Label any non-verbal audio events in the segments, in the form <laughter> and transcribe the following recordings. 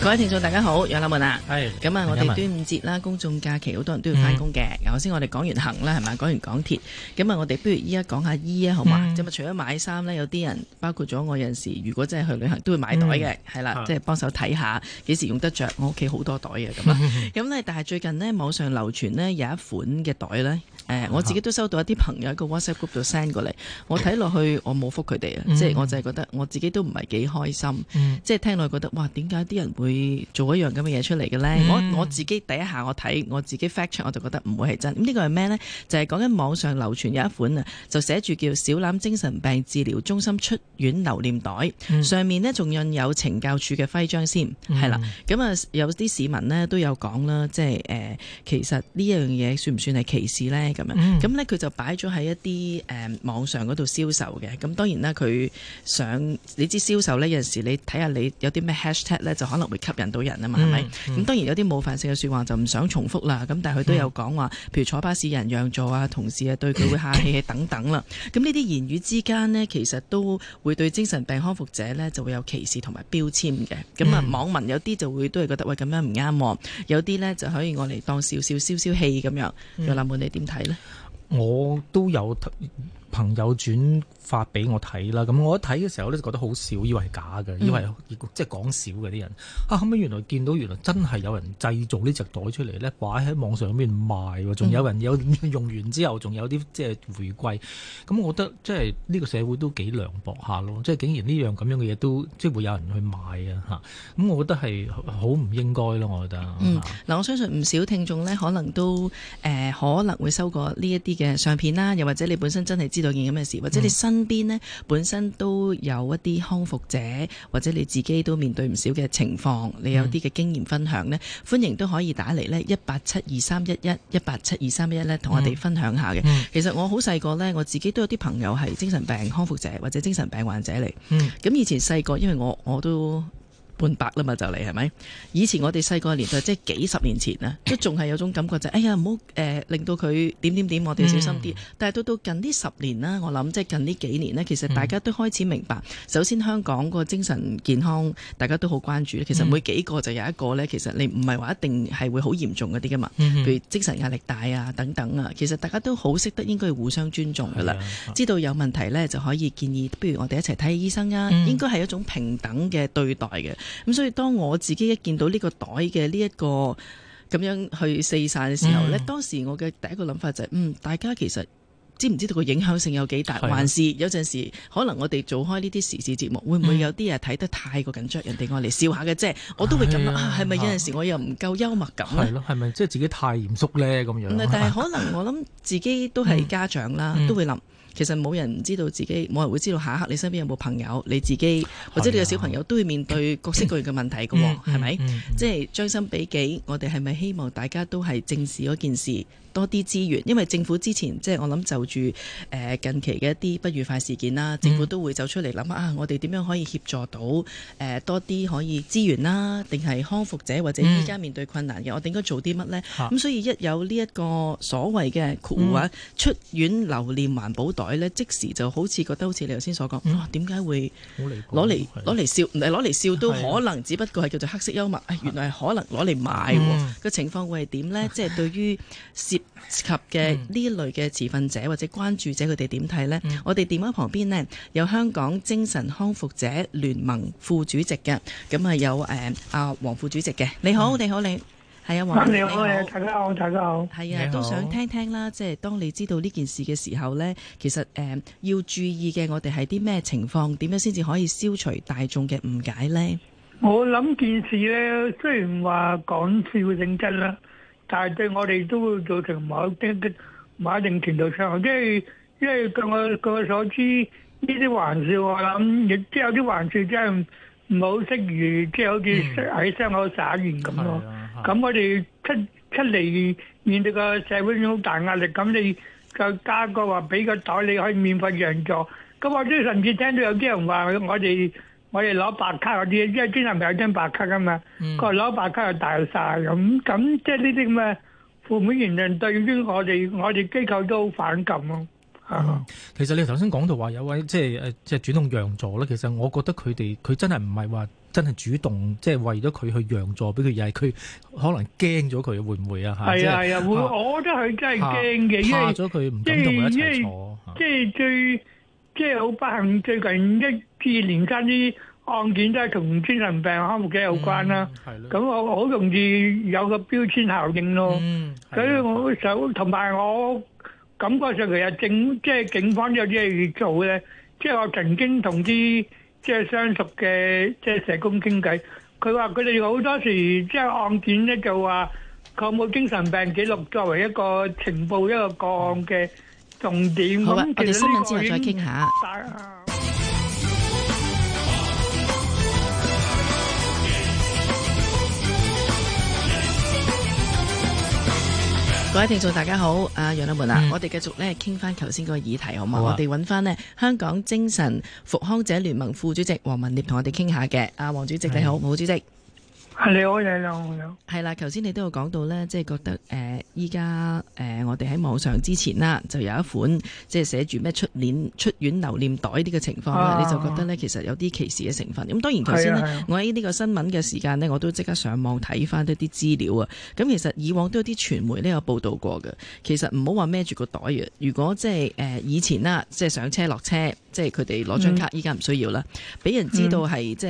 各位聽眾大家好，楊立文啊，係咁啊，我哋端午節啦，嗯、公眾假期好多人都要翻工嘅。頭先、嗯、我哋講完行啦，係咪？講完港鐵，咁啊，我哋不如依家講下醫啊，好嘛？咁啊、嗯，除咗買衫咧，有啲人包括咗我有陣時，如果真係去旅行都會買袋嘅，係啦、嗯，即係幫手睇下幾時用得着。我屋企好多袋嘅，咁啊，咁咧， <laughs> 但係最近咧網上流傳咧有一款嘅袋咧。誒、呃，我自己都收到一啲朋友喺個 WhatsApp group 度 send 過嚟，我睇落去我冇覆佢哋啊，嗯、即係我就係覺得我自己都唔係幾開心，嗯、即係聽落覺得哇點解啲人會做一樣咁嘅嘢出嚟嘅咧？嗯、我我自己第一下我睇我自己 fact check，我就覺得唔會係真，嗯這個、呢個係咩咧？就係講緊網上流傳有一款啊，就寫住叫小欖精神病治療中心出院留念袋，嗯、上面呢仲印有懲教處嘅徽章先，係啦。咁啊、嗯、有啲市民呢都有講啦，即係誒、呃、其實呢樣嘢算唔算係歧視咧？咁樣，咁咧佢就擺咗喺一啲誒、嗯、網上嗰度銷售嘅。咁當然啦，佢想你知銷售咧有陣時，你睇下你有啲咩 hashtag 咧，就可能會吸引到人啊嘛，係咪、嗯？咁、嗯、當然有啲冒犯性嘅説話就唔想重複啦。咁但係佢都有講話，嗯、譬如坐巴士人讓座啊，同事啊對佢會客氣等等啦。咁呢啲言語之間呢，其實都會對精神病康復者呢就會有歧視同埋標籤嘅。咁啊，網民有啲就會都係覺得喂咁樣唔啱喎。有啲呢就可以我嚟當少少消消氣咁樣。王文臬，你點睇？我都有。朋友轉發俾我睇啦，咁我一睇嘅時候咧就覺得好笑，以為係假嘅，以為即係講笑嘅啲人。嗯、啊，後尾原來見到原來真係有人製造呢隻袋出嚟咧，擺喺網上邊賣喎，仲有人有用完之後仲有啲即係回歸。咁、嗯、我覺得即係呢個社會都幾涼薄下咯，即係竟然呢樣咁樣嘅嘢都即係會有人去買啊嚇。咁我覺得係好唔應該咯，我覺得。嗱、啊嗯，我相信唔少聽眾咧，可能都誒、呃、可能會收過呢一啲嘅相片啦，又或者你本身真係知道。有件咁嘅事，或者你身邊咧本身都有一啲康復者，或者你自己都面對唔少嘅情況，你有啲嘅經驗分享咧，歡迎都可以打嚟咧，一八七二三一一一八七二三一一咧，同我哋分享下嘅。嗯、其實我好細個呢，我自己都有啲朋友係精神病康復者或者精神病患者嚟。咁、嗯、以前細個，因為我我都。半百啦嘛就嚟係咪？以前我哋細個年代， <coughs> 即係幾十年前啊，都仲係有種感覺就係、哎呀唔好誒令到佢點點點，我哋小心啲。嗯、但係到到近呢十年啦，我諗即係近呢幾年呢，其實大家都開始明白。嗯、首先香港個精神健康大家都好關注。其實每幾個就有一個呢，其實你唔係話一定係會好嚴重嗰啲噶嘛。譬如精神壓力大啊等等啊，其實大家都好識得應該互相尊重噶啦。嗯、知道有問題呢，就可以建議，不如我哋一齊睇醫生啊。應該係一種平等嘅對待嘅。咁所以當我自己一見到呢個袋嘅呢一個咁樣去四散嘅時候呢、嗯、當時我嘅第一個諗法就係、是，嗯，大家其實知唔知道個影響性有幾大？是啊、還是有陣時可能我哋做開呢啲時事節目，會唔會有啲人睇得太過緊張？人哋愛嚟笑下嘅啫，我都會咁諗。係咪、啊啊、有陣時我又唔夠幽默感？係咯、啊，係咪即係自己太嚴肅呢？咁樣？但係可能我諗自己都係家長啦，嗯、都會諗。其實冇人知道自己，冇人會知道下一刻你身邊有冇朋友，你自己或者你嘅小朋友都會面對各式各樣嘅問題㗎，係咪？即係將心比己，我哋係咪希望大家都係正視嗰件事？多啲資源，因為政府之前即係我諗就住誒近期嘅一啲不愉快事件啦，政府都會走出嚟諗啊，我哋點樣可以協助到誒多啲可以資源啦，定係康復者或者依家面對困難嘅，我哋應該做啲乜呢？」咁所以一有呢一個所謂嘅括弧出院留念環保袋呢，即時就好似覺得好似你頭先所講，哇點解會攞嚟攞嚟笑？攞嚟笑都可能，只不過係叫做黑色幽默。原來係可能攞嚟買個情況會係點呢？即係對於涉涉及嘅呢類嘅持份者或者關注者，佢哋點睇呢？嗯、我哋電話旁邊呢，有香港精神康復者聯盟副主席嘅，咁啊有誒阿、呃、王副主席嘅。你好，你好你，你係、嗯、啊王你好，大家好，大家好，係好啊，都想聽聽啦。即係當你知道呢件事嘅時候呢，其實誒、呃、要注意嘅，我哋係啲咩情況？點樣先至可以消除大眾嘅誤解呢？我諗件事呢，雖然話講笑性質啦。但係對我哋都會造成某啲嘅一定程度傷害，即係即係據我據我所知，呢啲玩笑我諗亦即有啲玩笑真係唔好適宜，嗯、即係好似喺傷口撒完咁咯。咁、啊啊、我哋出出嚟面對個社會好大壓力，咁你再加個話俾個袋，你可以免費讓座，咁我啲甚至聽到有啲人話我哋，我哋攞白卡嗰啲，即係專人唔係張白卡噶嘛，佢攞白卡又大曬咁，咁即係呢啲咁嘅負面原因對於我哋，我哋機構都反感咯、啊嗯。其實你頭先講到話有位即係誒，即係主動讓座咧。其實我覺得佢哋佢真係唔係話真係主動，即係為咗佢去讓座俾佢，又係佢可能驚咗佢會唔會啊？係啊，係啊，會。我覺得佢真係驚嘅，因為怕咗佢唔敢同佢一齊坐。即係最即係好不幸，最近一。接連間啲案件都係同精神病康復者有關啦、啊，咁我好容易有個標籤效應咯。咁我、嗯、想同埋我感覺上其啊警，即、就、係、是、警方有啲嘢要做咧。即、就、係、是、我曾經同啲即係相熟嘅即係社工傾偈，佢話佢哋好多時即係、就是、案件咧就話佢有冇精神病記錄作為一個情報一個個案嘅重點。咁其、啊、我哋新聞之後再傾下。各位聽眾大家好，阿楊立文啊，嗯、我哋繼續咧傾翻頭先嗰個議題好嘛？好啊、我哋揾翻香港精神復康者聯盟副主席王文臬同我哋傾下嘅，阿、啊、王主席、嗯、你好，王主席。係你好嘢，係啦，頭先你都有講到呢。即係覺得誒依家誒我哋喺網上之前啦，就有一款即係寫住咩出年出院留念袋啲嘅情況，啊、你就覺得呢，其實有啲歧視嘅成分。咁當然頭先我喺呢個新聞嘅時間呢，我都即刻上網睇翻一啲資料啊。咁其實以往都有啲傳媒都有報道過嘅。其實唔好話孭住個袋啊，如果即係誒、呃、以前啦，即係上車落車，即係佢哋攞張卡，依家唔需要啦。俾人知道係即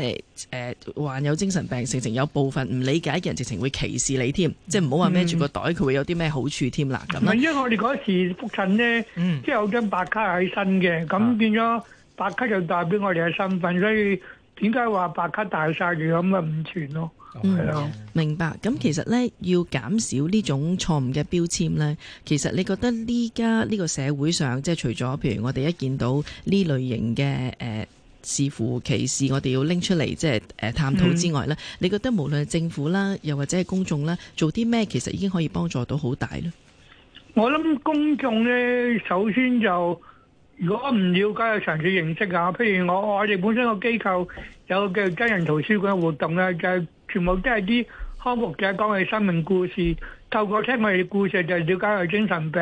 係患有精神病，性情有。部分唔理解嘅人，直情會歧視你添，即係唔好話孭住個袋，佢、嗯、會有啲咩好處添啦。咁啊，因為我哋嗰時復診咧，嗯、即係有張白卡喺身嘅，咁、啊、變咗白卡就代表我哋嘅身份，所以點解話白卡大晒住咁啊唔存咯？嗯，哦、係嘅、明白。咁其實呢，要減少呢種錯誤嘅標籤呢。其實你覺得呢家呢個社會上，即係除咗譬如我哋一見到呢類型嘅誒。呃視乎其事，我哋要拎出嚟即係誒探討之外咧，嗯、你覺得無論係政府啦，又或者係公眾啦，做啲咩其實已經可以幫助到好大咧？我諗公眾咧，首先就如果唔了解嘅層次認識啊，譬如我我哋本身個機構有嘅真人圖書館活動咧，就係、是、全部都係啲康復者講嘅生命故事，透過聽佢哋嘅故事就係了解佢精神病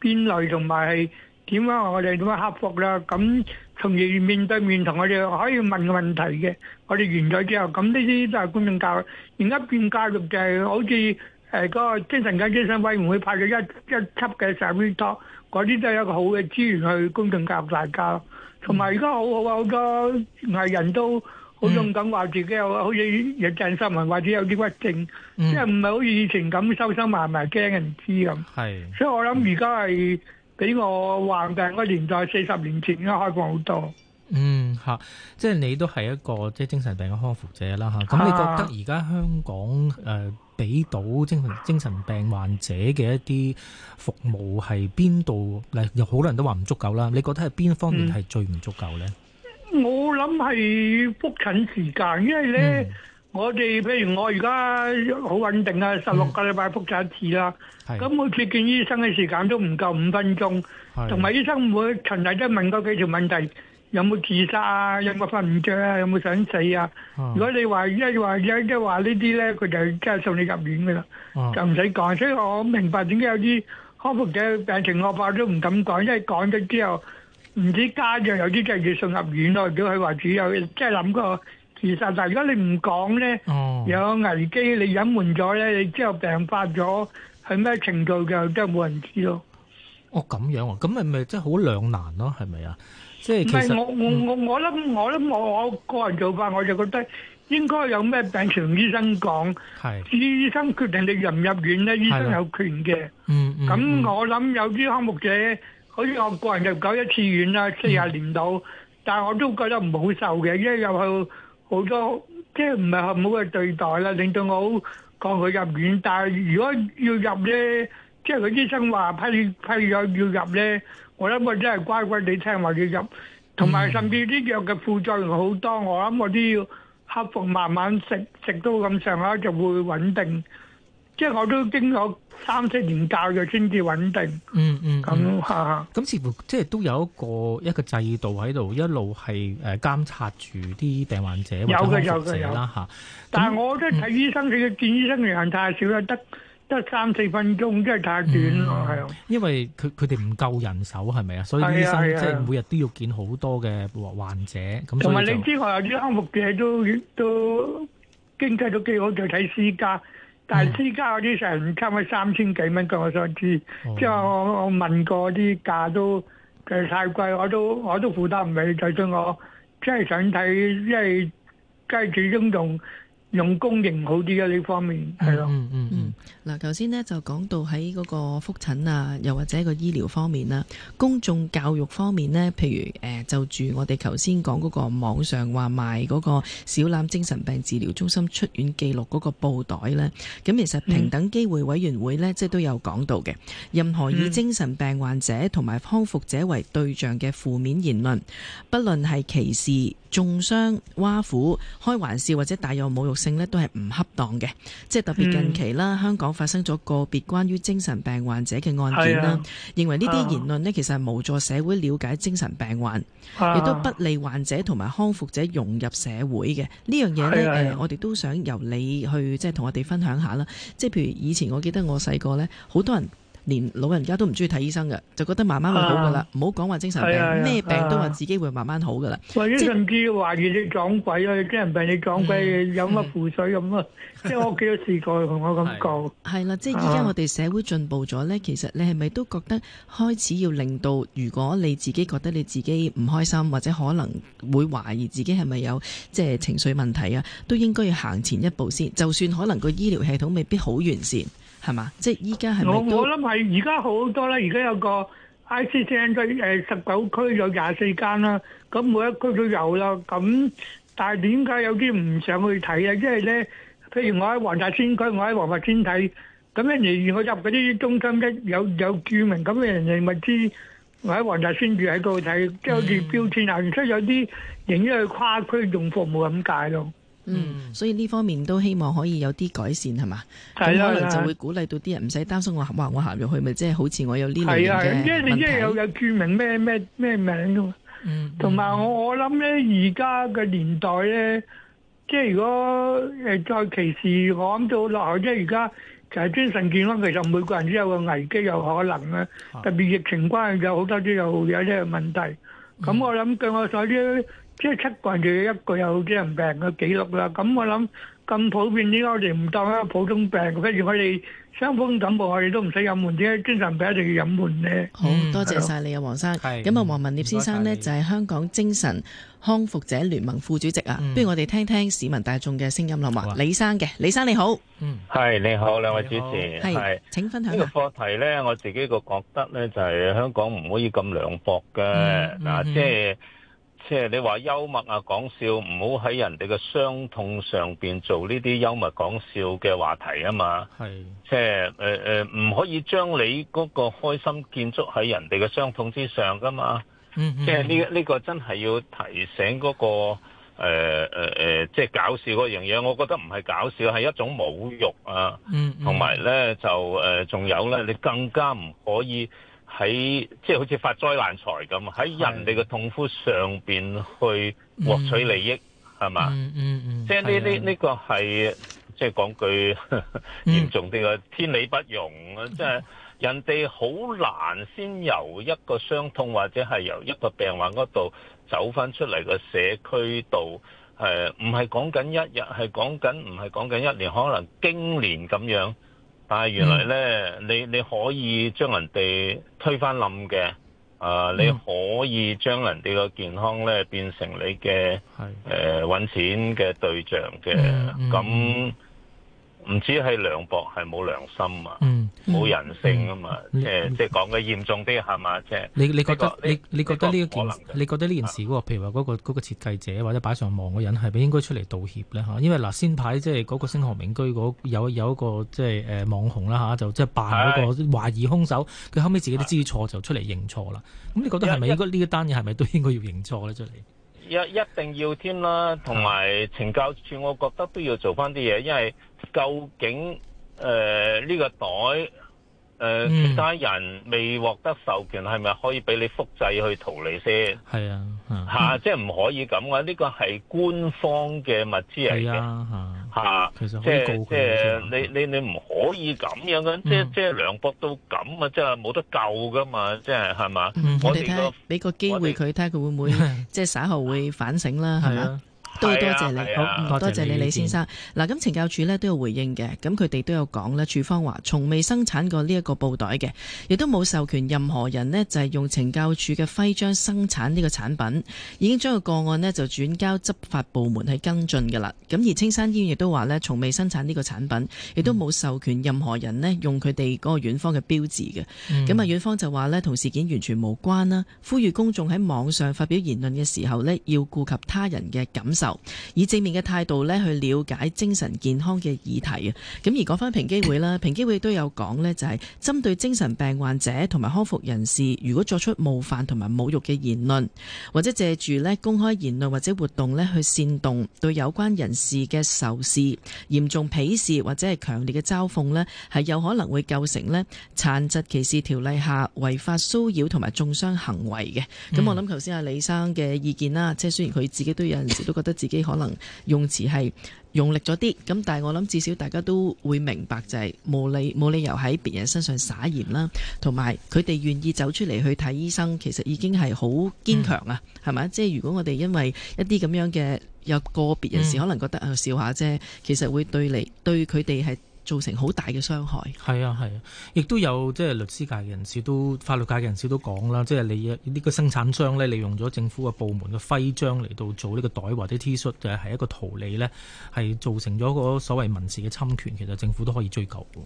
邊類同埋。點樣，我哋點樣克服啦？咁從而面對面同我哋可以問問題嘅，我哋完咗之後，咁呢啲都係觀眾教育。而家變教育就係好似誒嗰個精神緊張委員會派咗一一級嘅審議桌，嗰啲都係一個好嘅資源去觀眾教育大家。同埋而家好好啊，好多藝人都好勇敢話自己有，好似疫情新聞或者有抑鬱症，即係唔係好似以前咁收收埋埋驚人知咁。係，所以我諗而家係。俾我患病嘅年代四十年前，而家開放好多。嗯，吓、啊，即係你都係一個即係精神病嘅康復者啦，嚇、啊。咁你覺得而家香港誒俾、呃、到精神精神病患者嘅一啲服務係邊度？嗱，有好多人都話唔足夠啦。你覺得係邊方面係最唔足夠呢？嗯、我諗係覆診時間，因為咧。嗯我哋譬如我而家好穩定啊，十六個禮拜覆診一次啦。咁、嗯、每次見醫生嘅時間都唔夠五分鐘，同埋是醫生唔會循例都問過幾條問題，有冇自殺啊？有冇瞓唔着啊？有冇想死啊？嗯、如果你話一話一即係話呢啲咧，佢就即係送你入院噶啦，嗯、就唔使講。所以我明白點解有啲康復者病情惡化都唔敢講，因為講咗之後，唔知家長有啲真係要送入院咯。如果佢話只有即係諗過，就是事實，但如果你唔講咧，有危機你隱瞞咗咧，你之後病發咗係咩程度就真係冇人知咯。哦，咁樣啊，咁咪咪真係好兩難咯，係咪啊？即係其實唔係我我我我諗我諗我個人做法，我就覺得應該有咩病同醫生講。係，醫生決定你入唔入院咧，醫生有權嘅。嗯嗯。咁我諗有啲康復者，好似我個人就搞一次院啦，四十年到，但係我都覺得唔好受嘅，因為入去。多好多即係唔係好好嘅對待啦，令到我好抗拒入院。但係如果要入咧，即係佢醫生話批批咗要入咧，我諗我真係乖乖地聽話要入。同埋甚至啲藥嘅副作用好多，我諗我都要克服，慢慢食食到咁上下就會穩定。即係我都經過三四年教育先至穩定。嗯嗯，咁吓。咁似乎即係都有一個一個制度喺度，一路係誒監察住啲病患者，有嘅，有者啦吓。但係我都睇醫生，佢嘅見醫生嘅時間太少啦，得得三四分鐘，真係太短咯，係啊。因為佢佢哋唔夠人手係咪啊？所以醫生即係每日都要見好多嘅患者。咁同埋你知外有啲康復嘅都都經濟都幾好就睇私家。但係私家嗰啲成差唔多三千幾蚊，據我所知，即係我我問過啲價都其實太貴，我都我都負擔唔起，就算我即係想睇，即係即係始終用。用公營好啲啊呢方面，係咯、嗯。嗯嗯嗯。嗱，頭先咧就講到喺嗰個復診啊，又或者個醫療方面啦，公眾教育方面咧，譬如誒、呃、就住我哋頭先講嗰個網上話賣嗰個小欖精神病治療中心出院記錄嗰個布袋咧，咁其實平等機會委員會咧，即係都有講到嘅。任何以精神病患者同埋康復者為對象嘅負面言論，嗯、不論係歧視中傷、挖苦、開玩笑或者帶有侮辱。性呢都係唔恰當嘅，即係特別近期啦，嗯、香港發生咗個別關於精神病患者嘅案件啦，的認為呢啲言論呢，其實係無助社會了解精神病患，啊、亦都不利患者同埋康復者融入社會嘅呢樣嘢呢，誒，我哋都想由你去即係同我哋分享下啦，即係譬如以前我記得我細個呢，好多人。連老人家都唔中意睇醫生嘅，就覺得慢慢會好噶啦，唔好講話，精神病，咩、啊、病都話自己會慢慢好噶啦。或者、啊就是，甚至懷疑你撞鬼啊，啲、啊、人病你撞鬼，飲乜、嗯、符水咁啊！ <laughs> 即係我幾多試過同我咁講。係啦 <laughs> 的、啊,即係而家我哋社會進步咗呢， <laughs> 其實你係咪都覺得開始要令到，如果你自己覺得你自己唔開心，或者可能會懷疑自己係咪有即係情緒問題啊，都應該要行前一步先。就算可能個醫療系統未必好完善。係嘛？即係依家係我我諗係而家好多啦，而家有個 ICC 誒十九區有廿四間啦，咁每一區都有啦。咁但係點解有啲唔上去睇啊？因為咧，譬如我喺黃大仙區，我喺黃大仙睇，咁咧如我入嗰啲中心一有有居民咁嘅人哋咪知我喺黃大仙住喺度睇，即係好似標籤啊，然之後有啲影咗去跨區用貨冇咁介咯。嗯，所以呢方面都希望可以有啲改善係嘛？係啊，咁可能就會鼓勵到啲人唔使擔心我話我行入去咪即係好似我有呢類嘅問題。係係，因為你即係有有註明咩咩咩名噶同埋我我諗咧，而家嘅年代咧，即係如果誒再歧視講到落去，即係而家就係精神健康，其實每個人都有個危機有可能啊。特別疫情關係有好多啲有有啲嘅問題。咁、啊、我諗據我所知。即係七個人仲要一個有精神病嘅記錄啦，咁我諗咁普遍，應該我哋唔當一個普通病。跟住我哋傷風感冒，我哋都唔使隱瞞啫，點解精神病一定要隱瞞咧？好多謝晒你啊，王生。咁啊，王文臬先生咧就係香港精神康復者聯盟副主席啊。不如我哋聽聽市民大眾嘅聲音啦，嘛。李生嘅，李生你好。嗯，係你好，兩位主持係，請分享。呢個課題咧，我自己個覺得咧，就係香港唔可以咁涼薄嘅嗱，即係。即係你話幽默啊講笑，唔好喺人哋嘅傷痛上邊做呢啲幽默講笑嘅話題啊嘛。係，即係誒誒，唔可以將你嗰個開心建築喺人哋嘅傷痛之上噶嘛。即係呢呢個真係要提醒嗰個誒誒即係搞笑嗰樣嘢，我覺得唔係搞笑，係一種侮辱啊。嗯，同埋咧就誒，仲有咧，你更加唔可以。喺即係好似發災難財咁，喺人哋嘅痛苦上邊去獲取利益係嘛的？即係呢呢呢個係即係講句呵呵嚴重啲嘅，天理不容啊！嗯、即係人哋好難先由一個傷痛或者係由一個病患嗰度走翻出嚟個社區度，誒唔係講緊一日，係講緊唔係講緊一年，可能經年咁樣。但係原來呢，嗯、你你可以將人哋推翻冧嘅，啊，你可以將人哋個、呃嗯、健康呢變成你嘅誒揾錢嘅對象嘅。咁、嗯。那嗯唔知係梁博係冇良心啊，嗯，冇人性啊嘛，即係即係講嘅嚴重啲係嘛，即係你你覺得你你覺得呢個件，你覺得呢件事喎，譬如話嗰個嗰個設計者或者擺上網嘅人係咪應該出嚟道歉咧嚇？因為嗱先排即係嗰個星河名居有有一個即係誒網紅啦嚇，就即係扮嗰個懷疑兇手，佢後尾自己都知錯就出嚟認錯啦。咁你覺得係咪應該呢一單嘢係咪都應該要認錯咧？出嚟。一一定要添啦，同埋懲教署，我覺得都要做翻啲嘢，因為究竟誒呢、呃，這個袋。誒，其他人未獲得授權係咪可以俾你複製去圖你先？係啊，嚇！即係唔可以咁啊。呢個係官方嘅物資嚟嘅嚇嚇。其實即係即係你你你唔可以咁樣嘅，即係即係涼薄到咁啊！即係冇得救噶嘛！即係係嘛？我哋睇俾個機會佢，睇下佢會唔會即係稍後會反省啦，係啊。都多謝你好，多謝你李先生。嗱，咁懲、啊、教署咧都有回應嘅，咁佢哋都有講咧，署方話從未生產過呢一個布袋嘅，亦都冇授權任何人咧就係用懲教署嘅徽章生產呢個產品，已經將個個案咧就轉交執法部門去跟進噶啦。咁而青山醫院亦都話咧，從未生產呢個產品，亦都冇授權任何人咧用佢哋嗰個院方嘅標誌嘅。咁啊、嗯，院方就話咧同事件完全無關啦，呼籲公眾喺網上發表言論嘅時候咧要顧及他人嘅感受。以正面嘅態度咧去了解精神健康嘅議題啊，咁而講翻平機會啦，平機 <coughs> 會都有講呢，就係、是、針對精神病患者同埋康復人士，如果作出冒犯同埋侮辱嘅言論，或者借住咧公開言論或者活動咧去煽動對有關人士嘅仇視、嚴重鄙視或者係強烈嘅嘲諷咧，係有可能會構成咧殘疾歧視條例下違法騷擾同埋中傷行為嘅。咁、嗯、我諗頭先阿李生嘅意見啦，即係雖然佢自己都有陣時都覺得。自己可能用詞係用力咗啲，咁但係我諗至少大家都會明白、就是，就係冇理冇理由喺別人身上撒鹽啦。同埋佢哋願意走出嚟去睇醫生，其實已經係好堅強啊，係咪、嗯？即係如果我哋因為一啲咁樣嘅有個別人士可能覺得啊笑下啫，其實會對你對佢哋係。造成好大嘅傷害，係啊係啊，亦都有即係、就是、律師界嘅人，人士都法律界嘅人士都講啦，即、就、係、是、你呢、這個生產商咧利用咗政府嘅部門嘅徽章嚟到做呢個袋或者 T 恤嘅係、就是、一個圖例咧，係造成咗嗰所謂民事嘅侵權，其實政府都可以追究嘅。